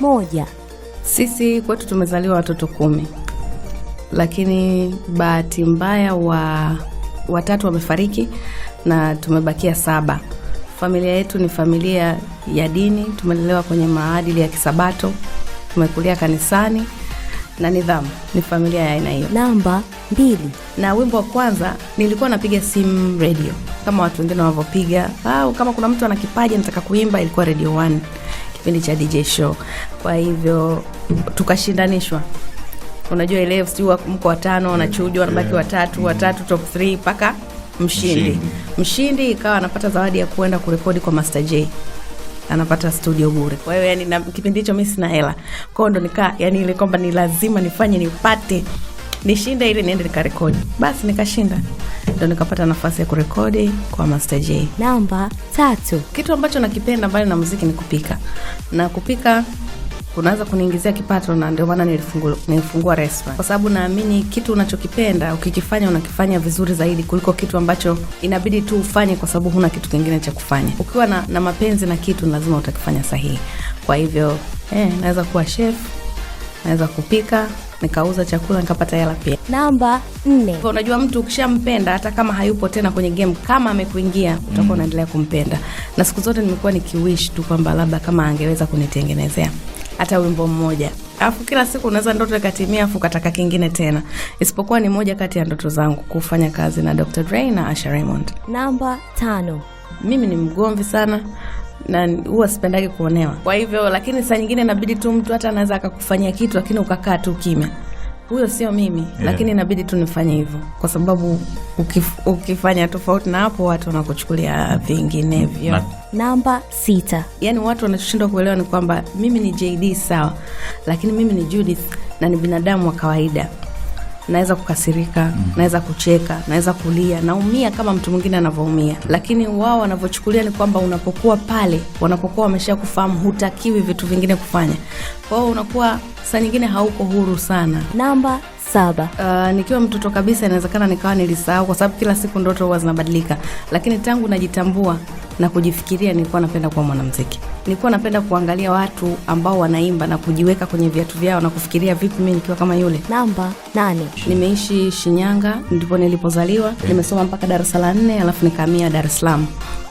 moja. Sisi kwetu tumezaliwa watoto kumi, lakini bahati mbaya wa watatu wamefariki na tumebakia saba. Familia yetu ni familia ya dini, tumelelewa kwenye maadili ya Kisabato, tumekulia kanisani na nidhamu. Ni familia ya aina hiyo. Namba mbili, na wimbo wa kwanza nilikuwa napiga simu redio kama watu wengine wanavyopiga, au kama kuna mtu ana kipaji anataka kuimba, ilikuwa redio kipindi cha DJ show. Kwa hivyo tukashindanishwa unajua ile sijui mko watano wanachujwa wanabaki yeah. watatu watatu top 3 mpaka mshindi. mshindi ikawa anapata zawadi ya kuenda kurekodi kwa Master J anapata studio bure. Kwa hiyo yani, na kipindi hicho mimi sina hela, kwa hiyo ndo nikaa yani ile kwamba ni lazima nifanye nipate nishinde ili niende nikarekodi, basi nikashinda ndo nikapata nafasi ya kurekodi kwa Master J. Namba tatu, kitu ambacho nakipenda mbali na muziki ni kupika, na kupika unaweza kuniingizia kipato, na ndio maana nilifungua restaurant, kwa sababu naamini kitu unachokipenda ukikifanya unakifanya vizuri zaidi kuliko kitu ambacho inabidi tu ufanye kwa sababu huna kitu kingine cha kufanya. Ukiwa na, na mapenzi na kitu lazima utakifanya sahihi. Kwa hivyo eh, naweza kuwa chef naweza kupika nikauza chakula nikapata hela pia. Namba nne, unajua mtu ukishampenda hata kama hayupo tena kwenye game, kama amekuingia utakuwa mm, unaendelea kumpenda. Na siku zote nimekuwa nikiwish tu kwamba labda kama angeweza kunitengenezea hata wimbo mmoja, alafu kila siku unaweza ndoto ikatimia, afu kataka kingine tena, isipokuwa ni moja kati ya ndoto zangu kufanya kazi na Dr. Dre na Asha Raymond. Namba tano, mimi ni mgomvi sana na huwa sipendagi kuonewa. Kwa hivyo, lakini saa nyingine inabidi tu mtu hata anaweza akakufanyia kitu, lakini ukakaa tu kimya huyo sio mimi yeah. Lakini inabidi tu nifanye hivyo kwa sababu ukif, ukifanya tofauti na hapo watu wanakuchukulia vinginevyo. Namba st yaani watu wanachoshindwa kuelewa ni kwamba mimi ni JD sawa, lakini mimi ni Judith na ni binadamu wa kawaida naweza kukasirika mm. naweza kucheka, naweza kulia, naumia kama mtu mwingine anavyoumia, lakini wao wanavyochukulia ni kwamba unapokuwa pale, wanapokuwa wamesha kufahamu, hutakiwi vitu vingine kufanya. Kwa hiyo unakuwa saa nyingine hauko huru sana. Namba saba. Uh, nikiwa mtoto kabisa, inawezekana nikawa nilisahau, kwa sababu kila siku ndoto huwa zinabadilika, lakini tangu najitambua na kujifikiria, nilikuwa napenda kuwa mwanamziki Nilikuwa napenda kuangalia watu ambao wanaimba na kujiweka kwenye viatu vyao na kufikiria vipi mimi nikiwa kama yule. Namba nane, nimeishi Shinyanga, ndipo nilipozaliwa. Mm. Nimesoma mpaka darasa la nne, alafu nikahamia Dar es Salaam.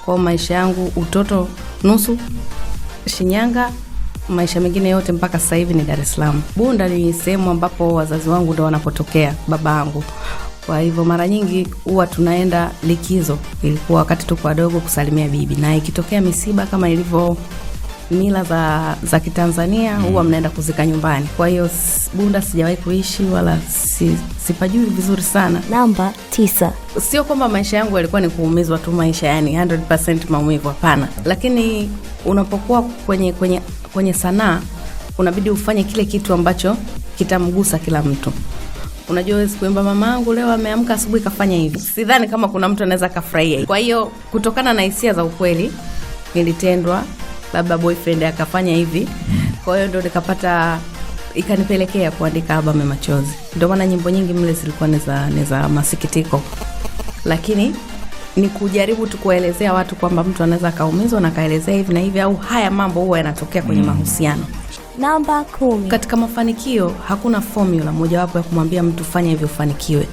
Kwao maisha yangu utoto nusu Shinyanga maisha mengine yote mpaka sasa hivi ni Dar es Salaam. Bunda ni sehemu ambapo wazazi wangu ndo wanapotokea baba yangu kwa hivyo mara nyingi huwa tunaenda likizo, ilikuwa wakati tuko wadogo, kusalimia bibi, na ikitokea misiba kama ilivyo mila za za Kitanzania mm, huwa mnaenda kuzika nyumbani. Kwa hiyo Bunda sijawahi kuishi wala si, sipajui vizuri sana. Namba tisa, sio kwamba maisha yangu yalikuwa ni kuumizwa tu maisha, yani 100% maumivu, hapana, lakini unapokuwa kwenye kwenye kwenye sanaa unabidi ufanye kile kitu ambacho kitamgusa kila mtu. Unajua wezi kuimba mamangu leo ameamka asubuhi kafanya hivi. Sidhani kama kuna mtu anaweza kafurahia. Kwa hiyo kutokana na hisia za ukweli nilitendwa, labda boyfriend akafanya hivi, kwa hiyo ndo nikapata ikanipelekea kuandika abame Machozi. Ndio maana nyimbo nyingi mle zilikuwa ni za masikitiko, lakini ni kujaribu tu kuelezea watu kwamba mtu anaweza akaumizwa na akaelezea hivi na hivi, au haya mambo huwa yanatokea kwenye mm. mahusiano. Namba kumi. Katika mafanikio hakuna fomula mojawapo ya kumwambia mtu fanya hivyo ufanikiwe,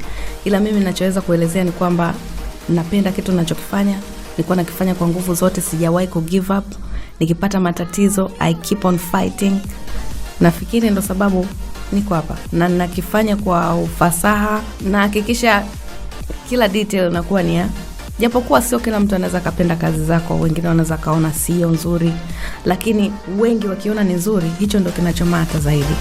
ila mimi nachoweza kuelezea ni kwamba napenda kitu nachokifanya, nikuwa nakifanya kwa nguvu zote, sijawahi ku give up. Nikipata matatizo I keep on fighting. Nafikiri ndo sababu niko hapa na nakifanya kwa ufasaha, nahakikisha kila detail inakuwa ni ya japokuwa sio kila mtu anaweza akapenda kazi zako, wengine wanaweza kaona sio nzuri, lakini wengi wakiona ni nzuri, hicho ndo kinachomata zaidi.